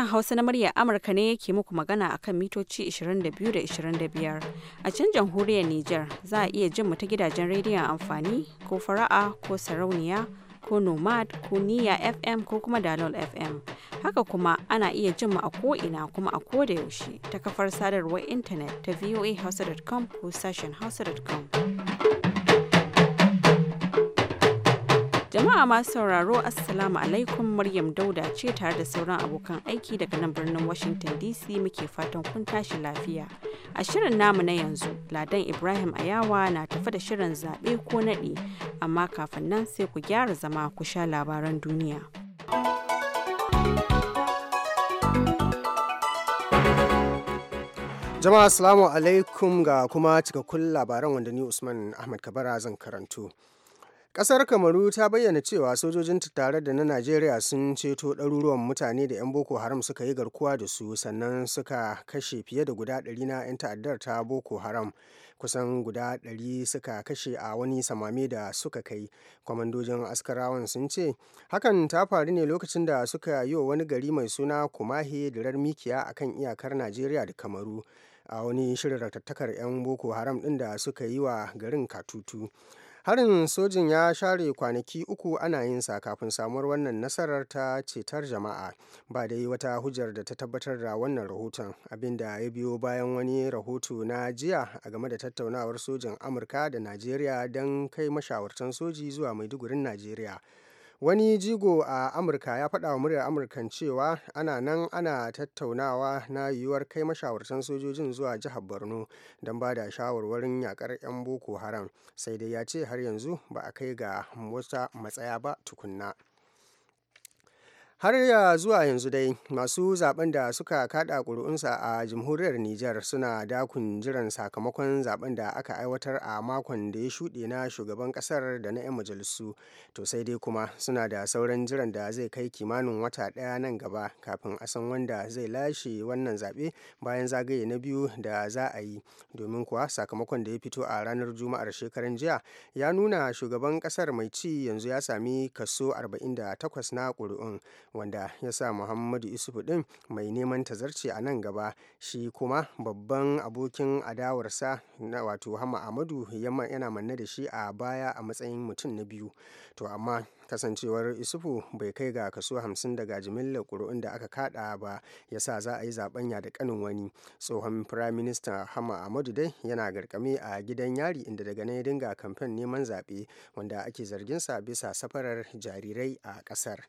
Sashen Hausa na muryar Amurka ne ke muku magana a kan mitoci 22 da 25. A can jamhuriyar Nijar za a iya jin mu ta gidajen rediyon amfani ko fara'a ko sarauniya ko nomad ko niya FM ko kuma dalol FM. Haka kuma ana iya jin mu a ko'ina kuma a koda yaushe ta kafar sadarwar intanet ta voahausa.com ko sashen hausa.com. Jama'a masu sauraro Assalamu alaikum Maryam Dauda ce tare da sauran abokan aiki daga nan birnin Washington DC muke fatan kun tashi lafiya. A shirin namu na yanzu, Ladan Ibrahim Ayawa na tafi da shirin zaɓe ko naɗi, amma kafin nan sai ku gyara zama ku sha labaran duniya. Jama'a Assalamu alaikum ga kuma cikakkun labaran wanda ni Usman Ahmad Kabara zan karantu. kasar Kamaru ta bayyana cewa sojojinta tare da na Najeriya sun ceto ɗaruruwan mutane da 'yan Boko Haram suka yi garkuwa da su sannan suka kashe fiye da guda ɗari na 'yan ta'addar ta Boko Haram. Kusan guda ɗari suka kashe a wani samame da suka kai. Kwamandojin askarawan sun ce, hakan ta faru ne lokacin da suka yi wa wani gari mai suna Kumahe da mikiya kan iyakar Najeriya da Kamaru. a wani shirin ratattakar 'yan boko haram ɗin da suka yi wa garin katutu harin sojin ya share kwanaki uku ana yin sa kafin samuwar wannan nasarar ta cetar jama'a ba dai wata hujjar da ta tabbatar da wannan rahoton abinda ya biyo bayan wani rahoto na jiya a game da tattaunawar sojin amurka da najeriya don kai mashawartan soji zuwa maidugurin najeriya Wani jigo a Amurka ya faɗa wa muryar Amurkan cewa ana nan ana tattaunawa na yiwuwar kai mashawartan sojojin zuwa jihar Borno don ba da shawarwarin yakar 'yan Boko Haram, sai dai ya ce har yanzu ba a kai ga wata matsaya ba tukunna. har ya zuwa yanzu dai masu zaben da suka kada ƙuri'unsa a jamhuriyar niger suna dakun jiran sakamakon zaben da aka aiwatar a makon da ya shuɗe na shugaban ƙasar da na 'yan majalisu to sai dai kuma suna da sauran jiran da zai kai kimanin wata ɗaya nan gaba kafin a san wanda zai lashe wannan zaɓe bayan zagaye na biyu da za a yi domin kuwa sakamakon da ya fito a ranar juma'ar shekaran jiya ya nuna shugaban ƙasar mai ci yanzu ya sami kaso 48 na ƙuri'un wanda ya sa muhammadu isufu din mai neman tazarci a nan gaba shi kuma babban abokin adawarsa na wato hama amadu yana manne da shi a baya a matsayin mutum na biyu to amma kasancewar isufu bai kai ga kaso hamsin daga jimillar ƙuri'un da aka kada ba ya sa za a yi zaben ya da kanin wani tsohon firaminista hama amadu dai yana garkame a gidan yari inda daga nan ya dinga kamfen neman zaɓe wanda ake zargin sa bisa safarar jarirai a ƙasar.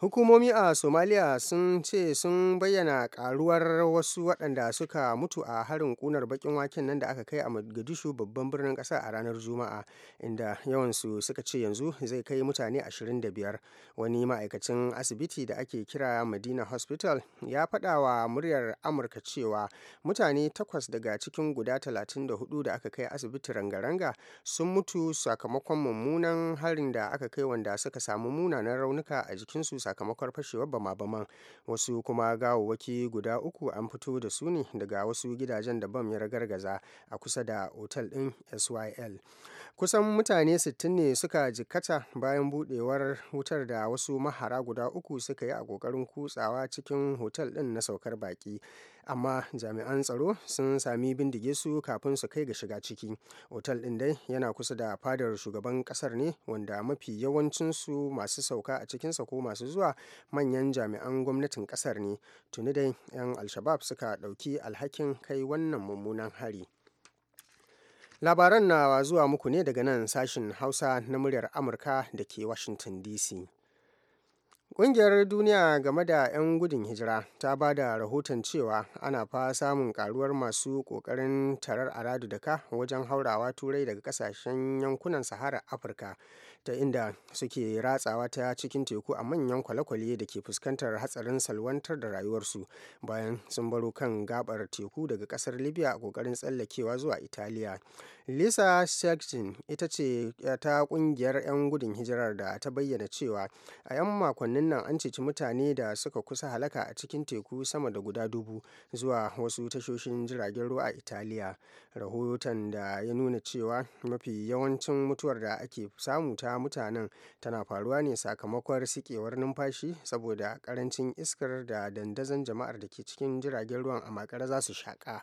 Hukumomi a Somalia sun ce sun bayyana karuwar wasu waɗanda suka mutu a harin kunar bakin waken nan da aka kai a Mogadishu babban birnin ƙasa a ranar Juma'a, inda yawansu suka ce yanzu zai kai mutane 25. Wani ma'aikacin asibiti da ake kira madina Hospital ya faɗa wa muryar Amurka cewa mutane takwas daga cikin guda 34 da aka kai asibiti rangaranga sun mutu sakamakon mummunan harin da aka kai wanda suka samu munanan raunuka a jikinsu sakamakon fashewar bama-baman wasu kuma gawawwaki guda uku an fito da su ne daga wasu gidajen da bam ya ragargaza a kusa da otal ɗin syl kusan mutane 60 ne suka jikkata bayan budewar wutar da wasu mahara guda uku suka yi a kokarin kutsawa cikin otal ɗin na saukar baki. amma jami'an tsaro sun sami bindige su kafin su kai ga shiga ciki otal ɗin dai yana kusa da fadar shugaban ƙasar ne wanda mafi yawancinsu masu sauka a cikinsa ko masu zuwa manyan jami'an gwamnatin ƙasar ne tuni dai 'yan alshabab suka ɗauki alhakin kai wannan mummunan hari labaran na zuwa muku ne daga nan sashin hausa na muryar amurka da ke washington dc Ƙungiyar Duniya game da 'yan gudun hijira ta ba da rahoton cewa ana fa samun ƙaruwar masu ƙoƙarin tarar Aradu ka wajen haurawa Turai daga ƙasashen yankunan Saharar Afirka. ta inda suke ratsawa ta cikin teku a manyan kwale-kwale da ke fuskantar hatsarin salwantar da rayuwarsu bayan sun baro kan gabar teku daga kasar libya a kokarin tsallakewa zuwa italiya lisa sexton ita ce eh, ta kungiyar 'yan gudun hijirar da ta bayyana cewa a 'yan makonnin nan an ceci mutane da suka kusa halaka a cikin teku sama da guda dubu zuwa wasu tashoshin jiragen ruwa a italiya rahoton da ya nuna cewa mafi yawancin mutuwar da ake samu ta mutanen tana faruwa ne sakamakon sikewar numfashi saboda karancin iskar da dandazon jama'ar da ke cikin jiragen ruwan a makare za su shaƙa.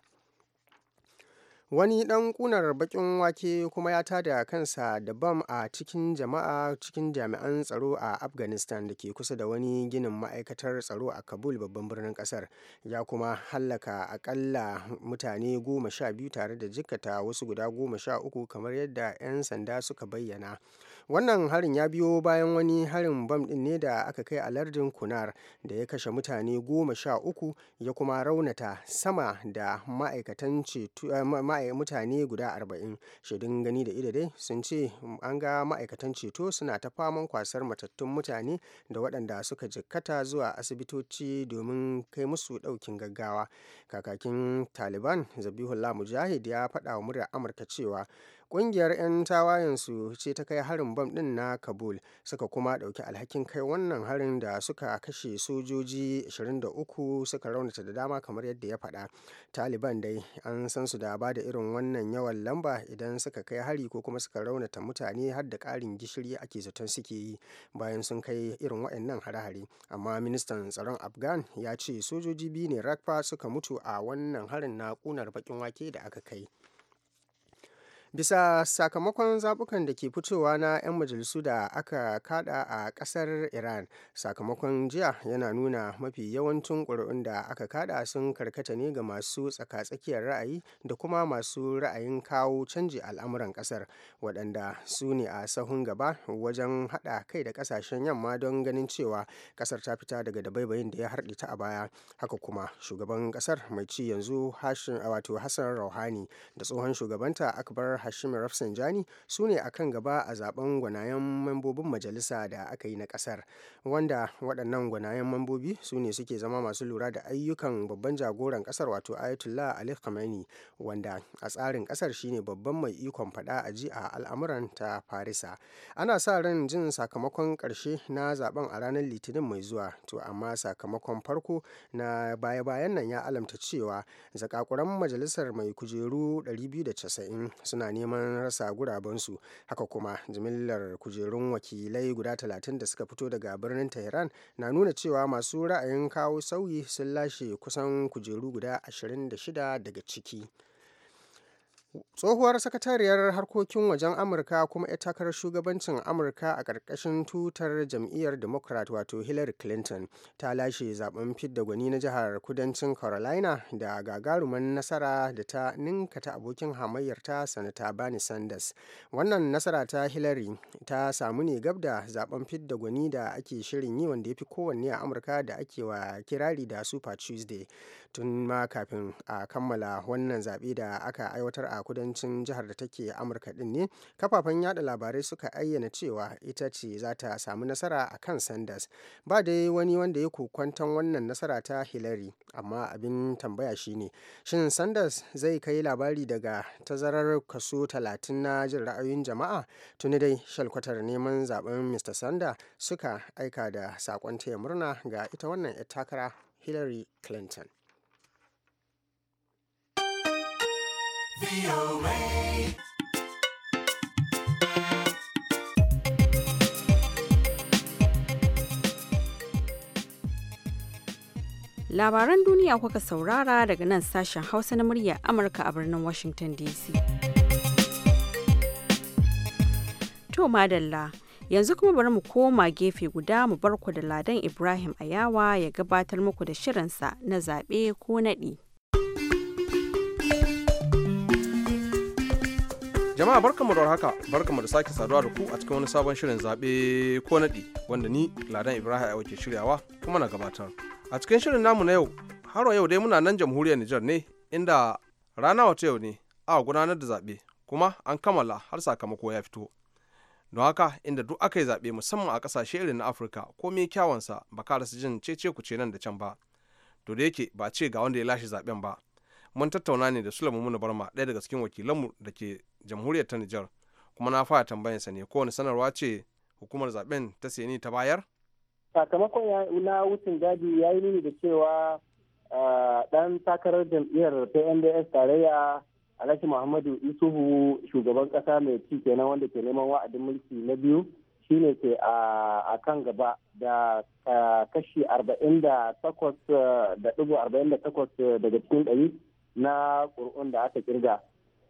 wani dan kunar bakin wake kuma ya tada kansa da bam a cikin jama'a cikin jami'an tsaro a afghanistan da ke kusa da wani ginin ma'aikatar tsaro a kabul babban birnin ƙasar ya kuma hallaka akalla mutane goma sha biyu tare da jikkata wasu guda goma sha uku kamar yadda 'yan sanda suka bayyana wannan harin ya biyo bayan wani harin bam ɗin ne da aka kai a lardin kunar da ya kashe mutane goma sha uku ya kuma raunata sama da ma'aikatan eh, mutane guda arba'in shaidun gani da ido dai sun ce an ga ma'aikatan ceto suna ta faman kwasar matattun mutane da waɗanda suka jikkata zuwa asibitoci domin kai musu ɗaukin gaggawa kakakin taliban zabihullah mujahid ya faɗa wa muryar amurka cewa ƙungiyar 'yan tawayensu ce ta kai harin bam ɗin na kabul suka kuma ɗauki alhakin kai wannan harin da suka kashe sojoji 23 suka raunata da dama kamar yadda ya faɗa taliban dai an san su da ba da irin wannan yawan lamba idan suka kai hari ko kuma suka raunata mutane har da karin gishiri ake zaton suke yi bayan sun kai irin waɗannan hare-hare amma ministan tsaron afghan ya ce sojoji biyu ne rakfa suka mutu a wannan harin na kunar bakin wake da aka kai bisa sakamakon zabukan da ke fitowa na 'yan majalisu da aka kada a kasar iran sakamakon jiya yana nuna mafi yawancin ƙuri'un da aka kada sun karkata ne ga masu tsaka-tsakiyar ra'ayi da kuma masu ra'ayin kawo canji al'amuran kasar waɗanda su ne a sahun gaba wajen haɗa kai da ƙasashen yamma don ganin cewa ƙasar ta fita daga dabaibayin da ya harɗita ta a baya haka kuma shugaban ƙasar mai ci yanzu wato hassan rauhani da tsohon shugabanta akbar Hashim Rafsanjani su ne a kan gaba a zaben gwanayen mambobin majalisa da aka yi na kasar wanda waɗannan gwanayen mambobi su ne suke zama masu lura da ayyukan babban jagoran kasar wato Ayatollah Ali Khamenei wanda a tsarin kasar shine babban mai ikon fada a ji a al'amuran ta Farisa. Ana sa ran jin sakamakon karshe na zaben a ranar Litinin mai zuwa to amma sakamakon farko na baya-bayan nan ya alamta cewa zakakuran majalisar mai kujeru 290 suna neman rasa gurabensu haka kuma jimillar kujerun wakilai guda 30 da suka fito daga birnin tehran na nuna cewa masu ra'ayin kawo sauyi sun lashe kusan kujeru guda 26 daga ciki Tsohuwar Sakatariyar Harkokin Wajen Amurka kuma 'yar takarar shugabancin Amurka a ƙarƙashin tutar jam'iyyar Democrat wato Hillary Clinton ta lashe zaben fidda gwani na jihar Kudancin Carolina da gagaruman nasara da ta ninkata ta abokin hamayyarta Sanata Bernie Sanders. Wannan nasara ta Hillary ta samu ne gab da zaɓen fidda gwani da ake shirin yi wanda ya fi kowanne a Amurka da ake wa kirari da Super Tuesday. tun ma kafin a kammala wannan zaɓe da aka aiwatar a kudancin jihar da take amurka ɗin ne kafafen yada labarai suka ayyana cewa ita ce za ta samu nasara a kan sanders ba dai wani wanda ya kokwanton wannan nasara ta hillary amma abin tambaya shine shin sanders zai kai labari daga tazarar kaso talatin na jin ra'ayoyin jama'a tuni dai shalkwatar neman zaben mr sander suka aika da saƙon taya murna ga ita wannan takara hillary clinton Labaran duniya kuka saurara daga nan sashen Hausa na murya Amurka a birnin Washington DC. To madalla. yanzu kuma bari mu koma gefe guda mu barku da ladan ibrahim ayawa ya gabatar muku da shirinsa na zaɓe ko naɗi Jama'a barkanmu da haka barkanmu da sake saduwa da ku a cikin wani sabon shirin zaɓe ko naɗi wanda ni Ladan Ibrahim Ayo ke shiryawa kuma na gabatar. A cikin shirin namu na yau har yau dai muna nan jamhuriyar Nijar ne inda rana wata yau ne a gudanar da zaɓe kuma an kammala har sakamako ya fito. Don haka inda duk aka yi zaɓe musamman a ƙasashe irin na Afirka ko me kyawansa ba ka rasa jin cece ce nan da can ba. To da yake ba ce ga wanda ya lashe zaɓen ba. Mun tattauna ne da Sulaiman Muna Barma ɗaya daga cikin wakilanmu da ke jamhuriyar ta Nijar kuma na fara sa ne kowane sanarwa ce hukumar zaben ta seni ta bayar? Sakamakon na wucin gadi ya yi nuni da cewa dan takarar jam'iyyar PNDS tarayya Alhaji Muhammadu Isuhu shugaban kasa mai ci kenan wanda ke neman wa'adin mulki na biyu shine ke a kan gaba da kashi 48.48 eh, daga cikin ɗari na ƙuri'un da aka kirga.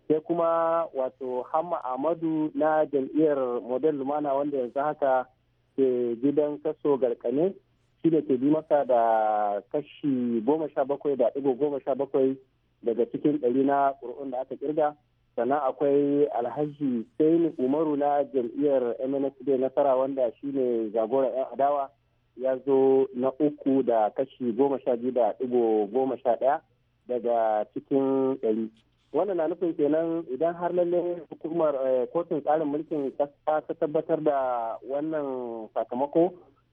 sai kuma wato hamma amadu na jam'iyyar model lumana wanda yanzu haka ke gidan kaso garkane shi ne ke bi masa da kashi goma sha bakwai da ɗigo goma sha bakwai daga cikin ɗari na ƙuri'un da aka kirga sannan akwai alhaji saini umaru na jam'iyyar mnsd nasara wanda shi ne jagoran 'yan adawa ya zo na uku da kashi goma sha biyu da ɗigo goma sha ɗaya daga cikin ɗari wannan na nufin kenan idan har lalle hukumar eh, kotun tsarin mulkin kasa ta tabbatar da wannan sakamako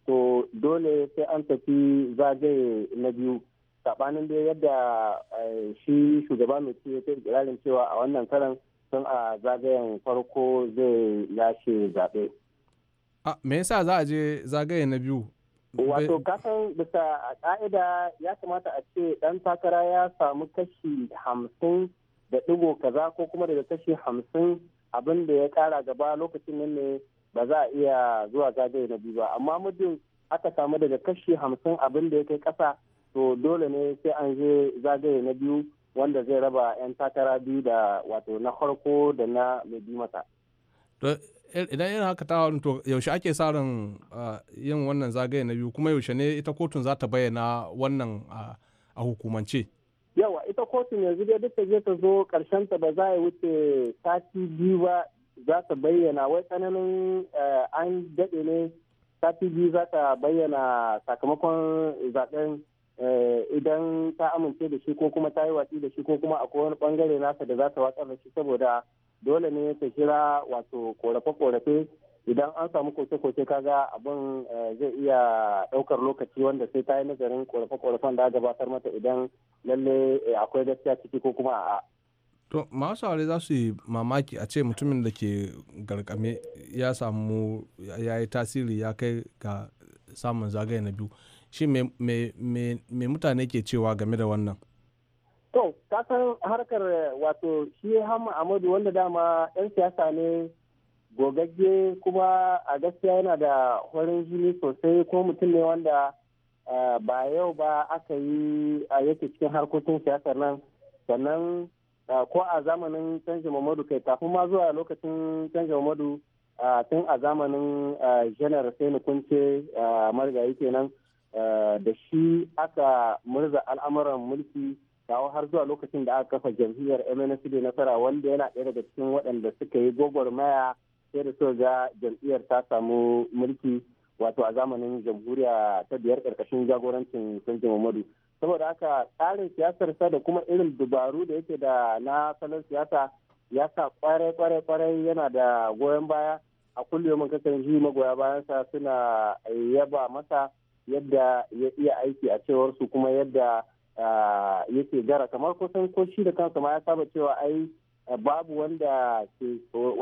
to dole sai an tafi zagaye na biyu sabanin da yadda eh, shi shugaba mai ciye ta ikirarin cewa a wannan karan sun a zagayen farko zai lashe zaɓe. me yasa za a je zagaye na biyu wato kasan bisa a ƙa'ida ya kamata a ce ɗan takara ya samu kashi hamsin da ɗigo kaza ko kuma daga kashi hamsin abin da ya kara gaba lokacin nan ne ba za a iya zuwa zagaye na biyu ba amma muddin aka samu daga kashi hamsin abin da ya kai ƙasa to dole ne sai an je zagaye na biyu wanda zai raba 'yan takara biyu da wato na farko da na mai bi mata. idan yin haka ta to yaushe ake sa ran yin wannan zagaye na biyu kuma yaushe ne ita kotun za ta bayyana wannan a hukumance. yawa ita kotun yanzu dai duk ta je ta zo karshen ta ba za a wuce sati biyu ba za ta bayyana wai tsananin eh, an daɗe ne sati biyu za ta bayyana sakamakon zaben eh, idan ta amince da shi ko kuma ta yi watsi da shi ko kuma akwai wani bangare nasa da za ta watsar da shi saboda dole ne ta kira wato korafe-korafe idan an samu koke-koke kaga abin eh, zai iya ɗaukar lokaci wanda sai ta yi nazarin korafe-korafen da gabatar mata idan lalle eh, akwai gaskiya ciki ko kuma a to masu aure za su yi mamaki a ce mutumin da ke garkame ya samu ya yi tasiri ya kai ga samun zagaye na biyu shi me mutane ke cewa game da wannan to kasan harkar wato shi hamma amadu wanda dama 'yan siyasa ne gogagge kuma a gaskiya yana da horin jini sosai ko mutum ne wanda ba yau ba aka yi a yake cikin harkokin siyasar nan sannan ko a zamanin canji mamadu kai kafin ma zuwa lokacin canji mamadu tun a zamanin janar sai kunce marigayi kenan da shi aka murza al'amuran mulki kawo har zuwa lokacin da aka kafa jam'iyyar mnsd nasara wanda yana ɗaya daga cikin waɗanda suka yi gwagwarmaya sai da soja jam'iyyar ta samu mulki wato a zamanin jamhuriya ta biyar karkashin jagorancin sanji mamadu saboda haka tsarin siyasarsa da kuma irin dubaru da yake da na salon siyasa ya sa kwarai kwarai kwarai yana da goyon baya a kullum kakan ji magoya bayan sa suna yaba masa yadda ya iya aiki a cewar su kuma yadda ah, yake gara kamar kusan ko shi da kansa ma ya saba cewa ai Eh, babu wanda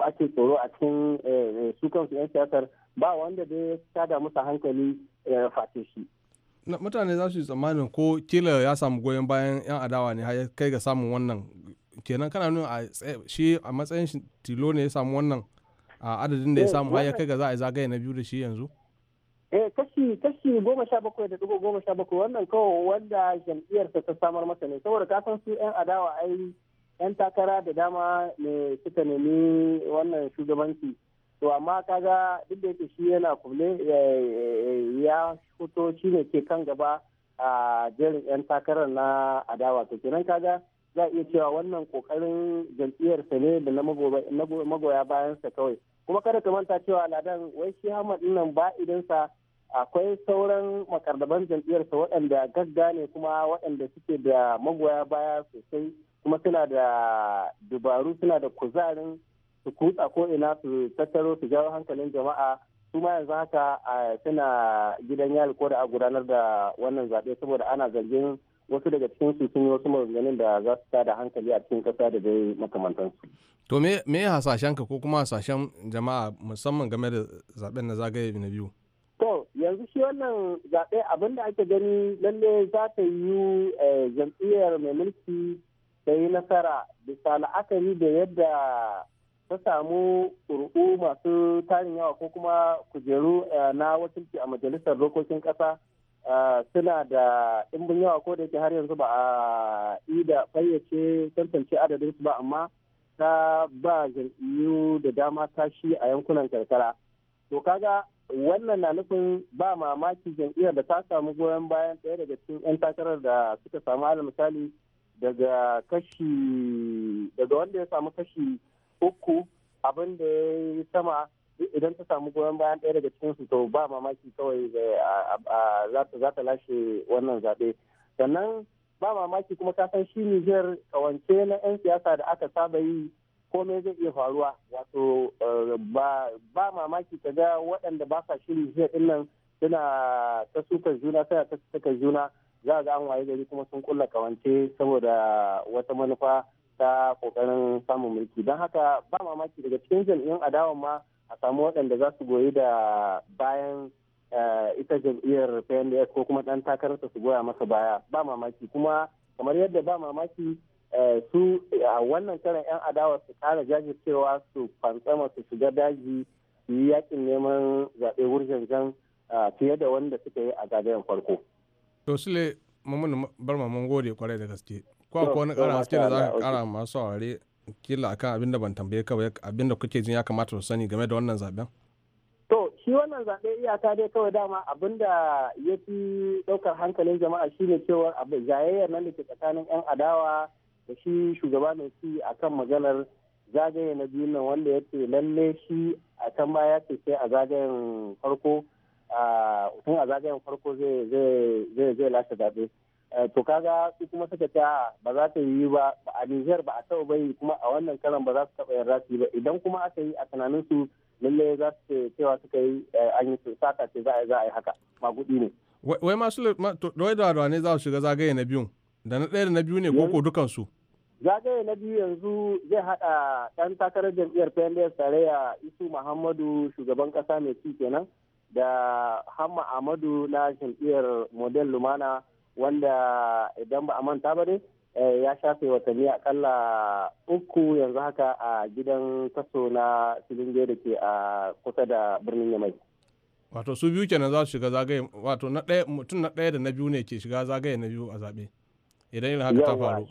ake tsoro a cikin eh, eh, su kansu 'yan siyasar ba wanda dai ya da musu hankali face shi. mutane za su yi tsammanin ko kila ya samu goyon bayan 'yan adawa ne ya kai ga samun wannan kenan kana nuna a shi a matsayin tilo ne ya samu wannan a adadin da ya samu ya kai ga za a zagaye na biyu da shi yanzu? eh kashi kashi goma sha bakwai da dubu goma sha bakwai wannan kawai wanda jam'iyyarsa ta samar masa ne saboda kasan su 'yan adawa ai 'yan takara da dama ne suka nemi wannan shugabanci to amma kaga duk da yake shi yana kuble ya fito shi ne ke kan gaba a jerin 'yan takarar na adawa to kenan kaga za a iya cewa wannan kokarin jam'iyyarsa ne da na magoya bayansa kawai kuma kada ka manta cewa ladan wai shi hamad nan ba idansa akwai sauran makardaban jam'iyyarsa waɗanda gagga ne kuma waɗanda suke da magoya baya sosai kuma suna da dubaru suna da kuzarin su kutsa ko ina su tattaro su jawo hankalin jama'a su ma yanzu haka suna gidan yari ko da a gudanar da wannan zaɓe saboda ana zargin wasu daga cikin su sun yi wasu maganganun da za su tada hankali a cikin ƙasa da dai makamantansu. To me hasashen ka ko kuma hasashen jama'a musamman game da zaɓen na zagaye na biyu? To yanzu shi wannan zaɓe abin da ake gani lalle za ta yi eh, jam'iyyar mai mulki ta yi nasara bisa la'akari da yadda ta samu ƙuri'u masu tarin yawa ko kuma kujeru eh, na wakilci a majalisar dokokin ƙasa eh, suna da ɗimbin yawa ko da yake har yanzu ba a yi da fayyace tantance adadin su ba amma ta ba jam'iyyu da dama tashi a yankunan karkara to kaga wannan na nufin ba mamaki jam'iyyar da ta samu goyon bayan ɗaya daga cikin 'yan takarar da suka samu alal misali daga kashi daga wanda ya samu kashi uku abin da ya yi sama idan ta samu goyon bayan ɗaya daga cikinsu to ba mamaki kawai eh, za ta lashe wannan zaɓe sannan ba mamaki kuma ka san shi Nijar kawance na 'yan siyasa da aka saba yi komai zai iya faruwa wato eh, ba mamaki ka ga waɗanda ba sa shi Nijar ɗin nan suna ta sukar juna suna ta sukar juna za ga an waye gari kuma sun kulla kawance saboda wata manufa ta kokarin samun mulki don haka ba mamaki daga cikin jam'iyyun adawa ma a samu waɗanda za su goyi da bayan eh, ita jam'iyyar pnds ko kuma ɗan takararsa su goya masa baya ba mamaki kuma kamar yadda ba mamaki eh, su a wannan karan 'yan adawa su kara jajircewa su fantsama su shiga daji su yi yakin neman zaɓe wurjanjan eh, fiye da wanda suka yi a zagayen farko. to sule mamun bar mamun gode kwarai da gaske ko wani kara haske da za ka kara masu aure kila akan abin da ban tambaye kawai abin da kuke jin ya kamata su sani game da wannan zaben to shi wannan zaɓe iyaka dai kawai dama abin da ya fi ɗaukar hankalin jama'a shi ne cewa abu zayayyar nan da ke tsakanin yan adawa da shi shugaba mai a kan maganar zagaye na biyu nan wanda ya ce lalle shi a can baya ce sai a zagayen farko Ah, tun a zagayen farko zai lashe zaɓe eh, to kaga su kuma suka ce ba za ta yi ba a Nijar ba a taɓa bai kuma a wannan karan ba za su taɓa yarda su yi ba idan kuma aka yi a tunanin su lalle za su ce cewa suka yi eh, an yi saka ce za a yi haka magudi ne. Wai masu da za su shiga zagaye na biyun da na ɗaya da na biyu ne koko dukansu. zagaye na biyu yanzu zai haɗa ɗan takarar jam'iyyar pnds ya isu muhammadu shugaban ƙasa mai ci kenan da hamma amadu na jam'iyyar model lumana wanda idan ba a manta ba ne eh, ya shafe watanni akalla uku yanzu haka a gidan kaso na silinge da ke a kusa da birnin yamai wato su biyu kenan za su shiga zagaye wato na ɗaya mutum na ɗaya da na biyu ne ke shiga zagaye na biyu a zaɓe idan yana haka ta faru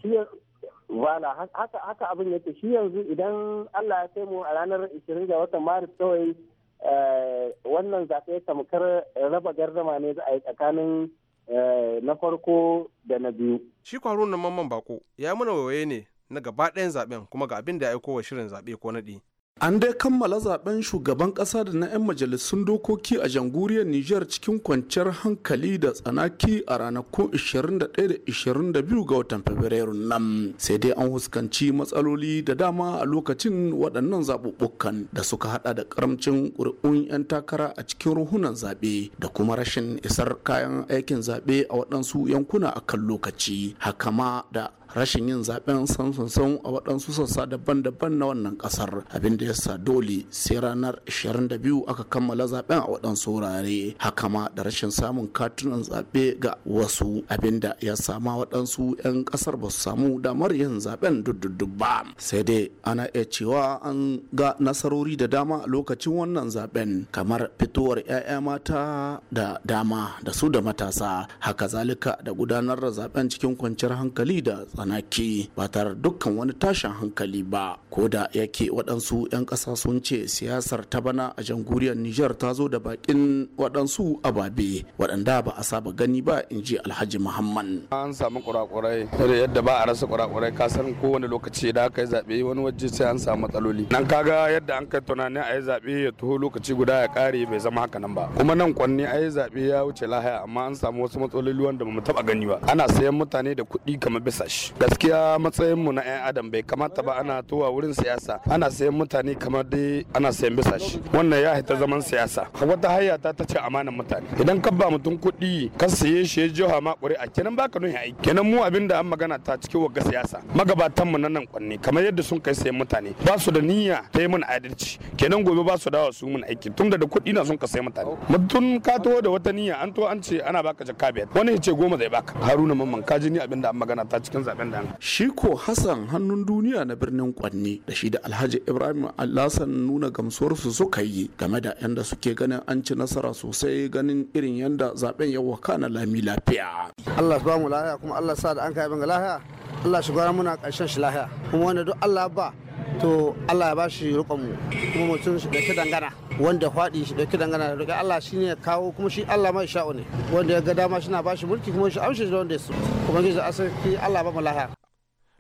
wala haka abin yake shi yanzu idan allah ya kai mu a ranar 20 ga watan maris kawai Eh, wannan ya tamkar raba gardama ne za a yi tsakanin eh, na farko da na biyu. Shi kwaron nan mamman bako ya muna waye ne na gaba ɗayan zaɓen kuma ga abin da ya aiko wa shirin zaɓe ko naɗi. An dai kammala zaben shugaban ƙasa da na 'yan majalisun dokoki a jamhuriyar Nijar cikin kwanciyar hankali da tsanaki a ranakun 21 da 22 ga watan Fabrairu nan. Sai dai an huskanci matsaloli da dama a lokacin waɗannan zaɓuɓɓukan da suka hada da karamcin ƙuri'un 'yan takara a cikin ruhunan zaɓe da kuma rashin isar kayan aikin zaɓe a waɗansu yankuna a kan lokaci. Haka ma da rashin yin zaben sansan a waɗansu sassa daban-daban na wannan ƙasar abin da ya sa dole sai ranar 22 aka kammala zaben a waɗansu wurare haka ma da rashin samun katunan zaɓe ga wasu abin da ya sama waɗansu 'yan ƙasar ba su samu damar yin zaben duddudub ba sai dai ana iya cewa an ga nasarori da dama a lokacin wannan zaben kamar fitowar 'ya'ya mata da dama da su da matasa haka zalika da gudanar da zaben cikin kwanciyar hankali da banaki ba tare dukkan wani tashin hankali ba ko da yake waɗansu 'yan ƙasa sun ce siyasar ta bana a jamhuriyar Nijar ta zo da bakin waɗansu ababe waɗanda ba a saba gani ba in ji Alhaji Muhammad. An samu kurakurai yadda ba a rasa kurakurai ka san kowane lokaci da aka yi zaɓe wani waje sai an samu matsaloli. Nan kaga yadda an kai tunanin a yi zaɓe ya tuho lokaci guda ya ƙare bai zama haka nan ba. Kuma nan kwanne a yi zaɓe ya wuce lahaya amma an samu wasu matsaloli wanda ba mu taɓa gani ba. Ana sayan mutane da kuɗi kamar bisashi gaskiya matsayin mu na 'yan adam bai kamata ba ana tuwa wurin siyasa ana sayan mutane kamar dai ana sayan bisa shi wannan ya haita zaman siyasa wata hanya ta ta ce amanan mutane idan ka ba mutum kuɗi ka saye shi ya jiha ma a kenan baka nuna aiki kenan mu abin da an magana ta cikin wagga siyasa magabatan mu na nan kwanne kamar yadda sun kai sayan mutane ba su da niyya ta yi mun adalci kenan gobe ba su dawo su mun aiki tun da da kuɗi na sun ka sayi mutane mutum ka taho da wata niyya an to an ce ana baka jaka biyar wani ya ce goma zai baka haruna mamman ka ji ni abin da an magana ta cikin zaɓe zaben da shi hassan hannun duniya na birnin kwanni da shi da alhaji ibrahim alhassan nuna gamsuwarsu suka yi game da yanda suke ganin an ci nasara sosai ganin irin yanda zaben ya na lami lafiya allah ba mu lahiya kuma allah sa da an kai banga lahiya allah shi gwara muna karshen shi lahiya kuma wanda duk allah ba to allah ya ba shi rukon kuma mutum shi da dangana wanda faɗi shi dauki dangana da roƙi Allah shine ya kawo kuma shi Allah mai sha'o ne wanda ya ga dama shi na bashi mulki kuma shi amshi da wanda kuma kuma gizo asirki Allah ba malaha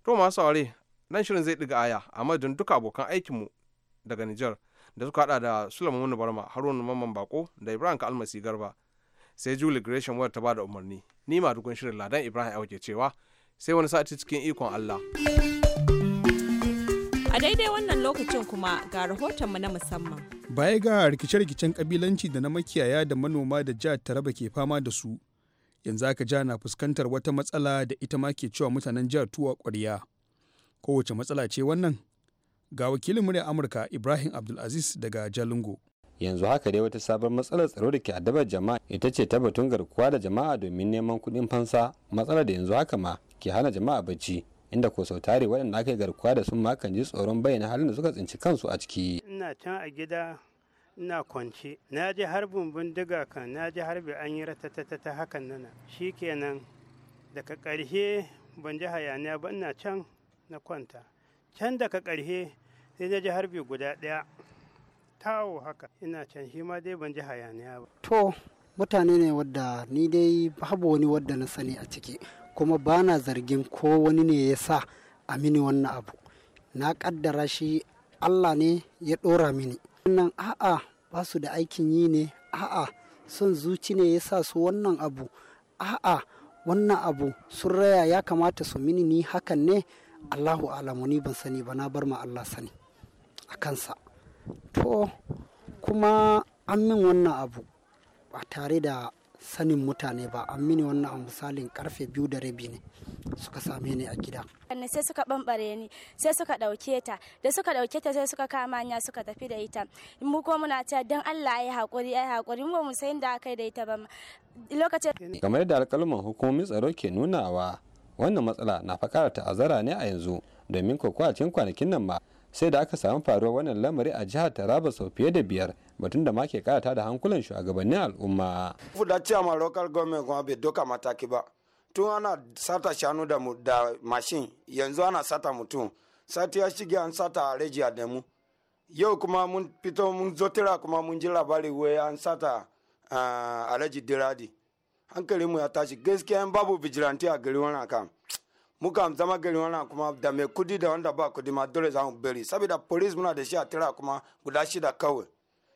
to masu aure nan shirin zai ɗiga aya a madadin duka abokan mu daga Nijar da suka hada da Sulaiman Barma Haruna Mamman Bako da Ibrahim Kalmasi Garba sai Julie Gresham wadda ta bada umarni ni ma dukun shirin Ladan Ibrahim Auke cewa sai wani sati cikin ikon Allah a daidai wannan lokacin kuma ga rahotonmu na musamman baya ga rikice-rikicen kabilanci da na makiyaya da manoma da jihar taraba ke fama da su yanzu aka ja na fuskantar wata matsala da ita ma ke cewa mutanen jihar tuwa ƙwarya kowace matsala ce wannan ga wakilin murya amurka ibrahim abdulaziz daga jalingo yanzu haka dai wata sabon matsalar tsaro da ke addabar jama'a ita ce ta batun garkuwa da jama'a domin neman kuɗin fansa matsala da yanzu haka ma ke hana jama'a bacci inda ko sau tare waɗanda aka yi garkuwa da sun makan ji tsoron bayyana halin da suka tsinci kansu a ciki. Ina can a gida ina kwance na ji harbin bindiga kan na ji harbi an yi ratatatata hakan nana kenan daga ƙarshe ban ji hayaniya ba ina can na kwanta can daga ƙarshe sai na ji harbi guda ɗaya tawo haka ina can shi ma dai ban ji hayaniya ba. To mutane ne wadda ni dai babu wani wadda na sani a ciki. kuma ba na zargin ko wani ne ya sa a mini wannan abu na kaddara shi allah ne ya ɗora mini wannan a'a ba su da aikin yi ne a'a son zuci ne ya sa su wannan abu a'a wannan abu sun raya ya kamata su mini ni hakan ne allahu alamu ni ban sani ba na bar ma allah sani a kansa to kuma an min wannan abu ba tare da sanin mutane ba an mini wannan a misalin karfe biyu da rabi ne suka same ni a gida sai suka bambare ni sai suka dauke ta da suka dauke ta sai suka kama hanya suka tafi da ita mu ko muna ta dan Allah ya hakuri ya hakuri mu mu sayin da aka da ita ba lokacin kamar da alƙalman hukumomin tsaro ke nunawa wannan matsala na fakara ta'azara ne a yanzu domin kokowa cikin kwanakin nan ba sai da aka samu faruwar wannan lamari a jihar taraba sau fiye da biyar batun da ma ke karata da hankulan shugabannin al'umma. Fuda ciyama local government kuma bai doka mataki ba. Tun ana sata shanu da, mashin yanzu ana sata mutum. Sati ya shige an sata a rejiya da mu. Yau kuma mun fito mun zotira kuma mun ji labari wai an sata ah, a alhaji diradi. Hankalinmu ya tashi gaskiya babu vigilante a gari wannan kan. muka zama gari wannan kuma da mai kudi da wanda ba kudi ma dole za mu bari saboda police muna da shi a tara kuma guda shida kawai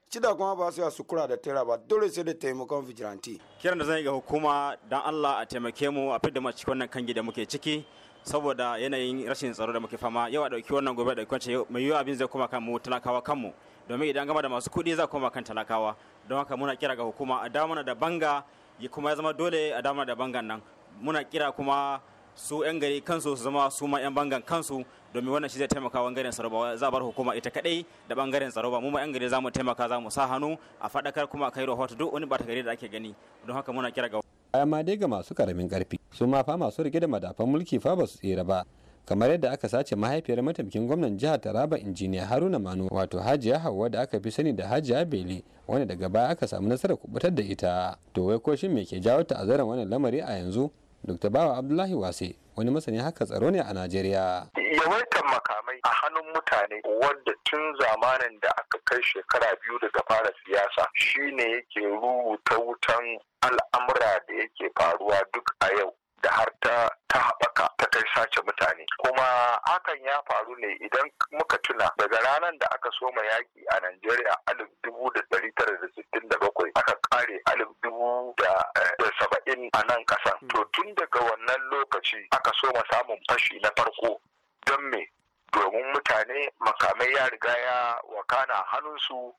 shida kuma ba su ya sukura da tera ba dole sai da taimakon vigilante kiran da zan yi ga hukuma dan Allah a taimake mu a fidda mu wannan kangi da muke ciki saboda yanayin rashin tsaro da muke fama yau a dauki wannan gobe da kwance mai yiwu abin zai koma kan mu talakawa kanmu domin idan gama da masu kuɗi za koma kan talakawa don haka muna kira ga hukuma a damuna da banga kuma ya zama dole a damuna da bangan nan muna kira kuma su 'yan gari kansu su zama su ma 'yan bangan kansu domin wannan shi zai taimaka bangaren tsaro ba za bar hukuma ita kadai da bangaren tsaro ba mu ma 'yan gari za mu taimaka za mu sa hannu a faɗakar kuma kai rahoto duk wani bata gari da ake gani don haka muna kira ga amma dai ga masu karamin karfi su ma fa masu rike da madafan mulki fa ba su tsira ba kamar yadda aka sace mahaifiyar mataimakin gwamnan jihar taraba injiniya haruna manu wato hajiya hauwa da aka fi sani da hajiya bele wanda daga baya aka samu nasarar kubutar da ita to wai ko shin me ke jawo ta a wannan lamari a yanzu dr bawa abdullahi wase wani masani haka tsaro ne a najeriya yawaitar makamai a hannun mutane wanda tun zamanin da aka kai shekara biyu daga fara siyasa shi ne yake rubuta wutan al'amura da yake faruwa duk a yau da har ta ta haɓaka ta kai sace mutane kuma hakan ya faru ne idan muka tuna daga ranar da aka soma yaƙi a Najeriya alif dubu da ɗari tara da sittin da bakwai aka ƙare alif dubu da eh, saba'in a nan ƙasan to tun daga wannan lokaci aka soma samun fashi na farko don me domin mutane makamai ya riga ya wakana hannunsu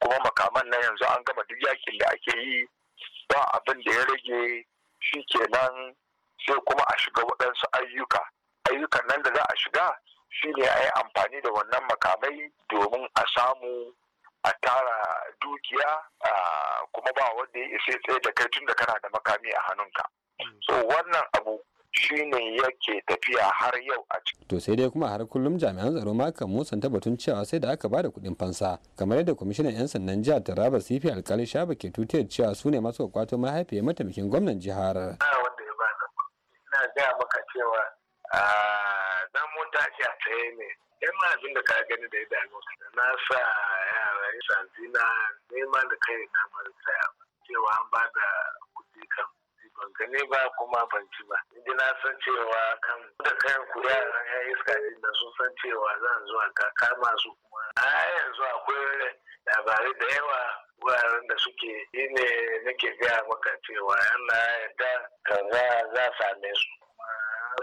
kuma makaman na yanzu an gama duk yakin da ake yi ba abin da ya rage shi kenan sai kuma a shiga waɗansu ayyuka ayyukan nan da za a shiga shine a yi amfani da wannan makamai domin a samu a tara dukiya kuma ba wanda ya isa tsaye da kai tun da kana da makami a hannunka so wannan abu shine yake tafiya har yau a ciki. To sai dai kuma har kullum jami'an tsaro ma kan musanta batun cewa sai da aka ba da kuɗin fansa kamar yadda kwamishinan 'yan sandan jihar Taraba Sifi alkali Shaba ke tutiyar cewa su ne masu kwato mahaifiyar mataimakin gwamnan jihar. ana gaya maka cewa dan mun tashi a tsaye ne yan abin da ka gani da ya dame na sa yara ya sanzina nema da kai na mara tsaya cewa an ba da kuɗi kan ban gani ba kuma ban ci ba inda na san cewa kan da kayan ku yaran ya iska da sun san cewa zan zuwa ka kama su kuma a yanzu akwai labarai da yawa wuraren da suke yi ne nake gaya maka cewa yana yadda. za a same su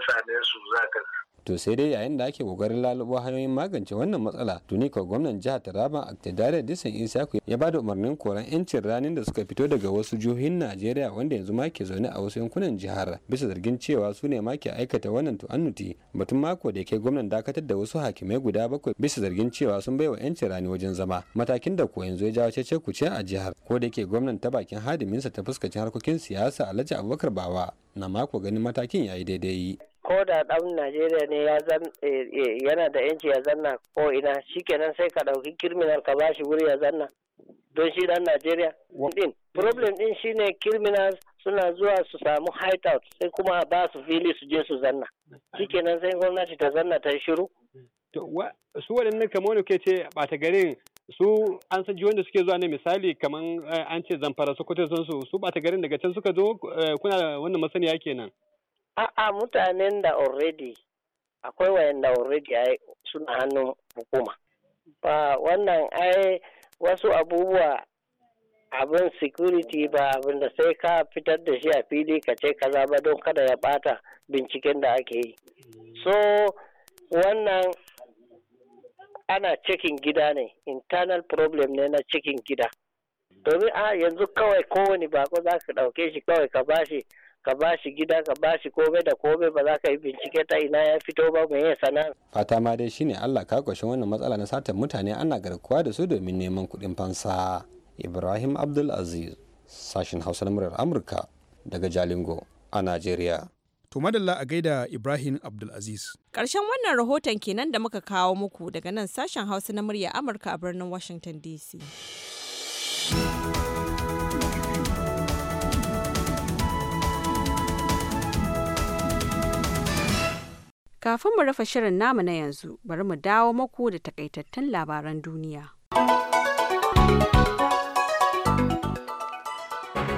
an same su za ka to sai dai yayin da ake kokarin lalubo hanyoyin magance wannan matsala tuni ko gwamnan jihar taraba aktidare disan isaku ya ba da umarnin koran yancin ranin da suka fito daga wasu jihohin najeriya wanda yanzu ma ke zaune a wasu yankunan jihar bisa zargin cewa su ne ma ke aikata wannan tu'annuti batun mako da yake gwamnan dakatar da wasu hakimai guda bakwai bisa zargin cewa sun bai wa yancin rani wajen zama matakin da ko yanzu ya jawo cece kuce a jihar ko da yake gwamnan ta bakin hadiminsa ta fuskacin harkokin siyasa alhaji abubakar bawa na mako ganin matakin yayi daidai ko da ɗan najeriya ne eh, eh, yana da yanci ya zanna ko ina shikenan sai ka ɗauki kirminal ka bashi wuri ya zanna don shi ɗan najeriya din problem din shine criminals suna zuwa su samu hideout sai kuma ba su fili su je su zanna shikenan sai gwamnati ta zanna ta shiru su waɗannan kamar wani ke ce ɓata garin su an san jiwon da suke zuwa ne misali kamar eh, an ce zamfara sokoto sun su su ɓata garin daga can suka zo kuna wannan masaniya kenan A'a mutanen da already akwai wayanda already ai suna hannun hukuma. Ba wannan ai wasu abubuwa abin security ba abin da sai ka fitar da shi a fili ka ce kaza ba don kada ya bata binciken da ake yi. So wannan ana cikin gida ne internal problem ne na cikin gida. Domin a yanzu kawai kowane bako za ka ɗauke shi kawai ka bashi ka ba shi gida ka ba shi kome da kome ba za ka yi bincike ta ina ya fito ba mai yin sana'a. fata ma dai shine allah ka kwashe wannan matsala na satar mutane ana garkuwa da su domin neman kuɗin fansa ibrahim abdul aziz sashen hausa na murar amurka daga jalingo a najeriya. to madalla a gaida ibrahim abdul aziz. karshen wannan rahoton kenan da muka kawo muku daga nan sashen hausa na murya amurka a birnin washington dc. Kafin mu rufe shirin namu na yanzu, bari mu dawo maku da takaitattun labaran duniya.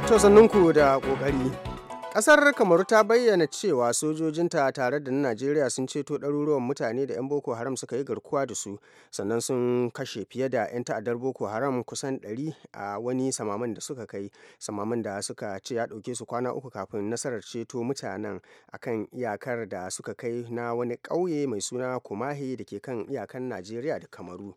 To sannunku da ƙoƙari. Ƙasar Kamaru ta bayyana cewa sojojinta tare da na Najeriya sun ceto ɗaruruwan mutane da 'yan Boko Haram suka yi garkuwa da su sannan sun kashe fiye da 'yan ta'addar Boko Haram kusan 100 a wani samaman da suka kai samaman da suka ce ya ɗauke su kwana uku kafin nasarar ceto mutanen akan iyakar da suka kai na wani ƙauye mai suna Kumahi da ke kan iyakan Najeriya da Kamaru.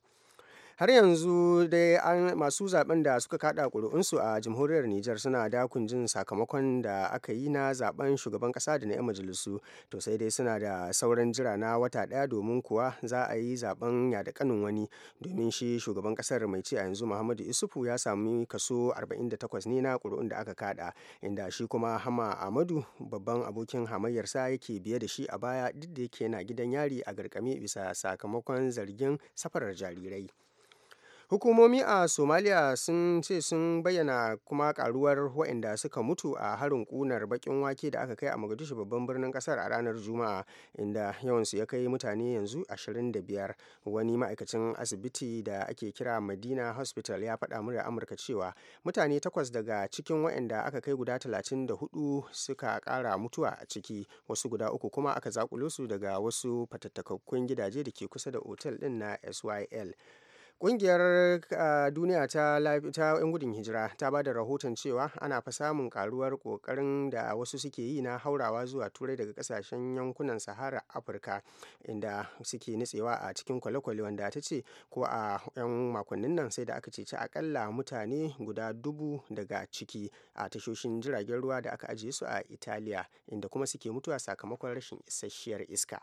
har yanzu dai masu zaben da suka kada ƙuri'unsu a jamhuriyar Nijar suna dakun jin sakamakon da aka yi na zaben shugaban ƙasa da na 'yan majalisu to sai dai suna da sauran jira na wata ɗaya domin kuwa za a yi zaben ya da kanin wani domin shi shugaban ƙasar mai ce a yanzu Muhammadu Isufu ya sami kaso 48 ne na ƙuri'un da aka kada inda shi kuma Hama Amadu babban abokin hamayyarsa yake biye da shi a baya duk da yake yana gidan yari a garkami bisa sakamakon zargin safarar jarirai. Hukumomi a Somalia sun ce sun bayyana kuma karuwar waɗanda suka mutu a harin ƙunar baƙin wake da aka kai a Mogadishu babban birnin kasar a ranar Juma'a inda yawansu ya kai mutane yanzu 25. Wani ma'aikacin asibiti da ake kira madina Hospital ya faɗa murya Amurka cewa mutane takwas daga cikin waɗanda aka kai guda 34 suka ƙara mutuwa a ciki wasu guda uku kuma aka zakulo su daga wasu fatattakakkun gidaje da ke kusa da otel ɗin na SYL. Ƙungiyar ah, Duniya ta 'yan gudun hijira ta ba da rahoton cewa ana fa samun ƙaruwar ƙoƙarin da wasu suke yi na haurawa zuwa turai daga ƙasashen yankunan Sahara Afirka inda suke nutsewa a cikin kwale-kwale wanda ta ce ko a 'yan makonnin nan sai da aka ceci akalla mutane guda dubu daga ciki a tashoshin jiragen ruwa da aka ajiye su a Italiya inda kuma suke mutuwa sakamakon rashin isasshiyar iska.